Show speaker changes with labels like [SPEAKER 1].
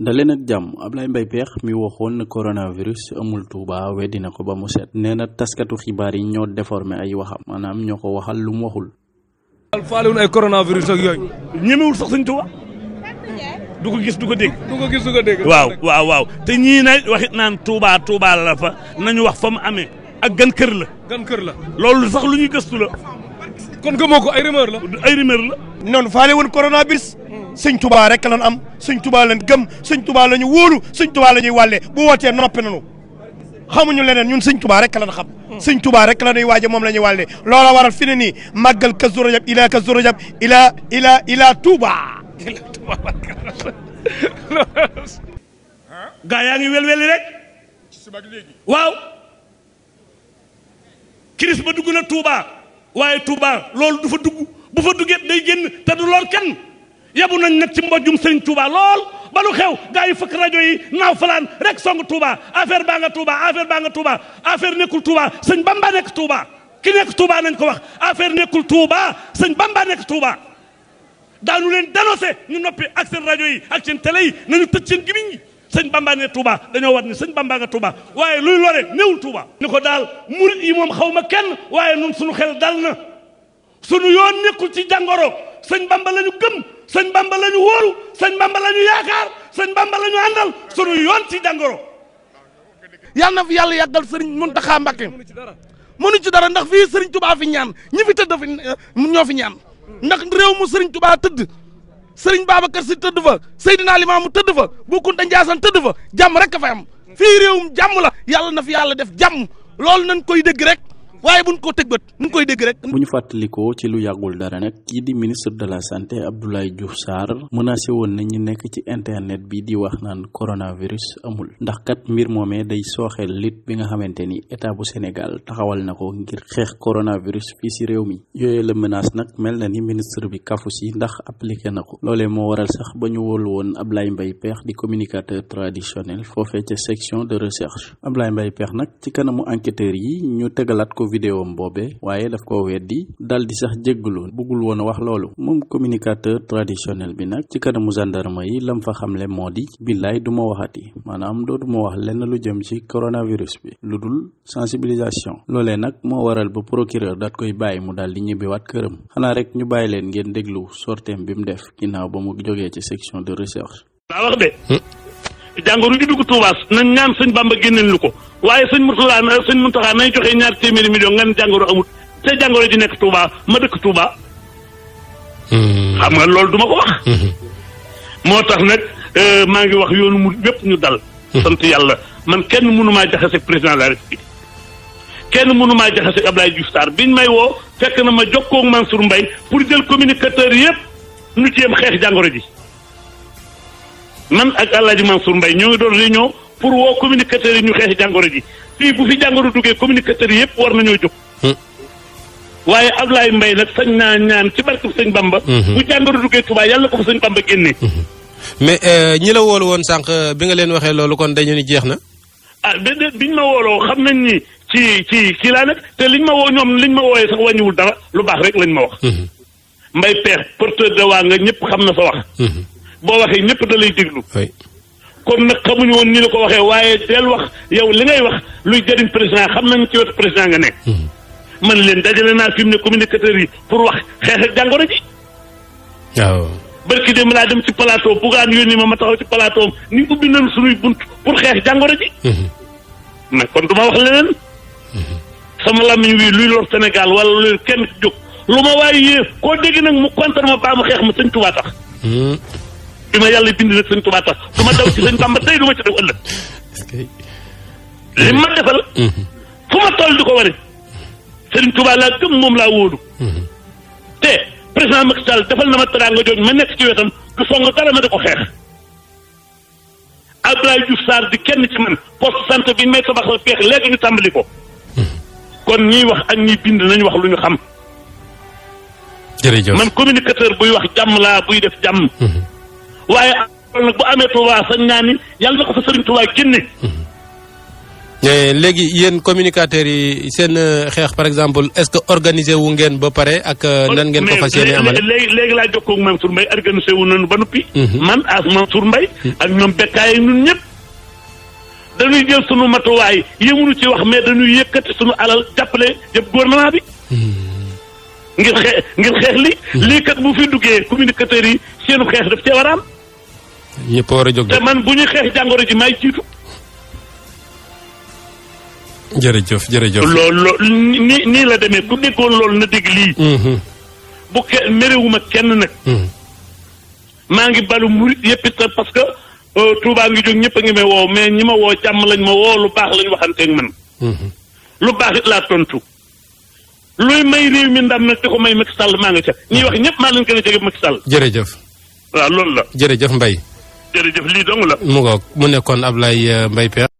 [SPEAKER 1] daleen ak jàmm Ablaye Mbaye Pekh mi waxoon na coronavirus amul tuuba weddi na ko ba mu set nee na taskatu xibaar yi ñoo déformé ay waxam maanaam ñoo ko waxal lu mu waxul.
[SPEAKER 2] daal faalewul ay coronavirus ak yooyu. ñemewul sax suñ Touba. du ko gis du ko dégg. waaw waaw waaw te ñii nag waxit naan Touba Touba la fa nañu wax fa mu amee. ak gan kër la. gan la. loolu sax lu ñuy gëstu la. kon ko ko ay rumeur la. ay faale woon coronavirus. sëñ tubaa rek lañ am sëñ tubaa lañ gëm sëñ tubaa la ñu wóolu sëñ tubaa la ñuy wàllee bu wootee noppi nañu xamuñu leneen ñun sëñ tubaa rek lañ xam sëñ tubaa rek la ñuy waaje moom la ñuy wàllee loola waral fi ne nii màggal Kazu Rajab ilaa Kazu Rajab ilaa ilaa ilaa Tuubaa gaa yaa ngi welweli rek waaw kiris ba dugg na Tuubaa waaye Tuubaa loolu du fa dugg bu fa duggee day génn te du lor kenn yabu nañ nag ci mbojum sëriñ Touba lool ba xew gaa yi fëkk rajo yi naaw falaan rek song Touba affaire baa nga Touba affaire baa nga Touba affaire nekkul Touba sëñ Bamba nekk Touba ki nekk Touba nañ ko wax affaire nekkul Touba sëñ Bamba nekk Touba daanu leen dénoncé ñu noppi ak seen rajo yi ak seen télé yi nañu tëj seen gimiñ yi sëñ Bamba ne Touba dañoo war ni sëñ Bamba nga Touba waaye luy lore néewul tuuba ni ko daal murit yi moom xaw ma kenn waaye nun suñu xel dal na suñu yoon nekkul ci jàngoro sëñ Bamba la ñu gëm sëñ bamba la ñu wóolu sëñ bamba la ñu yaakaar sëñ bamba la ñu àndal sunu yoon ci jàngoro yàlla na fi yàlla yàggal sëriñ Muntaxa Mbàkke mënu ci dara ndax fii sëriñ tubaa fi ñaan ñi fi tëdd fi eh, ñoo fi ñaan ndax réew mu sëriñ tubaa tëdd sëriñ Babacar Si tëdd fa Seydina Limaamu tëdd fa Bu Kunta Njaasaan tëdd fa jàmm rek a am fii réewum jàmm la yàlla na fi yàlla def jàmm loolu nañ koy dégg rek waaye buñ ko teg bët ñu koy dégg rek.
[SPEAKER 1] bu ñu fàttalikoo ci lu yàggul dara nag kii di ministre de la santé Abdoulaye Diouf Sarr menacé woon na ñu nekk ci internet bi di wax naan coronavirus amul ndax kat mbir moomee day sooxeel lit bi nga xamante ni état bu Sénégal taxawal na ko ngir xeex coronavirus fii si réew mi yooyu la menace nag mel na ni ministre bi kafu si ndax appliqué na ko loolee moo waral sax ba ñu wóolu ab Ablaye mbay Peex di communicateur traditionnel foofee ca section de recherche Ablaye Mbaye Peex nag ci kanamu enquêteurs yi ko vidéom boobe waaye daf ko weddi dal di sax jégglu bëggul woon a wax loolu moom communicateur traditionnel bi nag ci kanamu gendarme yi lam fa xamle moo di billaay du ma waxati maanaam dootuma wax lenn lu jëm ci coronavirus bi lu dul sensibilisation loole nag moo waral ba procureur daat koy bàyyi mu daal di ñibbiwaat këram xanaa rek ñu bàyyi leen ngeen déglu sorteem bi mu def ginnaaw ba mu jógee ci section de
[SPEAKER 2] recherche. laa wax de. jàngoro yi dugg waaye sëñ Murtala na sëñ Muntaxa nañ joxe ñaar téeméeri million nga ne jàngoro amut te jàngoro ji nekk Touba ma dëkk Touba. xam nga loolu duma ko wax. moo tax nag euh, maa ngi wax yoonu mu yëpp ñu dal. sant yàlla man kenn mënumaa jaxase président de la république kenn mënumaa jaxase Abdoulaye Diouf Sarr bi may woo fekk na ma jokkoo ak Mansour Mbaye pour jël communicateur yëpp ci yem xeex jàngoro ji man ak El Hadj Mansour ñoo ngi doon réunion. pour woo communicateurs yi ñu xeexi jàngoro ji fii bu fi jàngoro duggee communicateurs yi yëpp war nañoo jóg. Hmm. waaye laay mbay nag sañ naa ñaan ci barke sëñ Bamba. Hmm. bu jàngoro duggee Touba yàlla ko fa sëñ Bamba génnee. Hmm. mais euh, ñi la woolu woon sànq euh, bi nga leen waxee loolu kon dañu ni jeex na. ah déedéet biñ ma wooloo xam nañ ni ci ci kii laa nag te liñ ma woo ñoom liñ ma wooyee sax wàññiwul dara lu baax rek lañ ma wax. mbay Peex porteur de waa nga ñëpp xam na sa wax. boo waxee ñëpp da kon nag xamuñu woon ni la ko waxee waaye del wax yow li ngay wax luy jëriñ président xam nañ ci wetu président nga nekk. Hmm. man leen dajale naa fi mu ne communicateurs yi pour wax xeex ak jàngoro ji. waaw. barki dem laa dem ci plateau bugaan yónni ma ma taxaw ci plateau am ni ñu ubbi nañ suñuy bunt pour xeex jàngoro ji. Hmm. nag kon du wax leneen. Hmm. sama làmmiñ wi luy lor Sénégal wala luy kenn jóg lu ma waaye yéef koo dégg nag mu contre ma baa mu xeex ma sëñ Tuubaa bi ma yàlla bind nag sëñ Tuubaa tax du ma daw ci sëñ Bàmba tey du ma ci daw ëllëg li di mhm. ko wane sëñ Tuubaa laa gëm moom laa wóolu mhm. te président Macky Sall defal na ma teraanga jooju ma nekk ci wetam du song dara ma di ko xeex Abdoulaye Diouf Sarr di kenn ci man poste santé bi ñu may tabaxal feex léegi ñu tàmbali ko mhm. kon ñiy wax ak ñiy bind nañu wax lu ñu xam jërëjëf man communicateur buy wax jàmm laa buy def jàmm waaye am nag bu amee Touba sañ naa ni yàlla na ko fa sëriñ Touba génne.
[SPEAKER 1] Eh, léegi yéen communicateurs yi seen euh, xeex par exemple est-ce que organisé wu ngeen ba pare ak. Euh, oh, nan ngeen ko fas yéene amale
[SPEAKER 2] léegi léegi laa jokkoo ak Mansour Mbaye organisé na nu ba noppi. Mhm. man ak Mansour mbay mhm. ak ñoom bekkaay yi ñun ñëpp. dañuy jël sunu matuwaay yënguñu ci wax mais dañuy yëkkati sunu alal jàppale yëpp gouvernement bi. Mhm. ngir xeex ngir xeex li. lii bu fi duggee communicateurs yi seenu xeex
[SPEAKER 1] ñëpp war a jóg
[SPEAKER 2] te man bu ñu xeex jàngoro ji may jiitu.
[SPEAKER 1] jërëjëf jërëjëf. loolu loolu
[SPEAKER 2] nii nii la demee ku déggoon loolu na dégg lii. Mm-hmm. bu ke merewuma kenn nag. Mm-hmm. maa ngi balu murit yëpp itam parce que euh, Touba ngi jóg ñëpp a ngi may woo mais ñi ma woo jàmm lañ ma woo lu baax lañu waxanteeg man. Mm-hmm. lu baax it laa tontu. luy may réew mi ndam nag di ko may Macky Sall maa ngi ca ñuy wax ñëpp maa leen gën a jege Macky Sall. jërëjëf. waaw loolu la jërëjëf mbay jërëjëf lii dong la. mu ngoog mu nekkoon Ablaye euh, Mbaye Pekh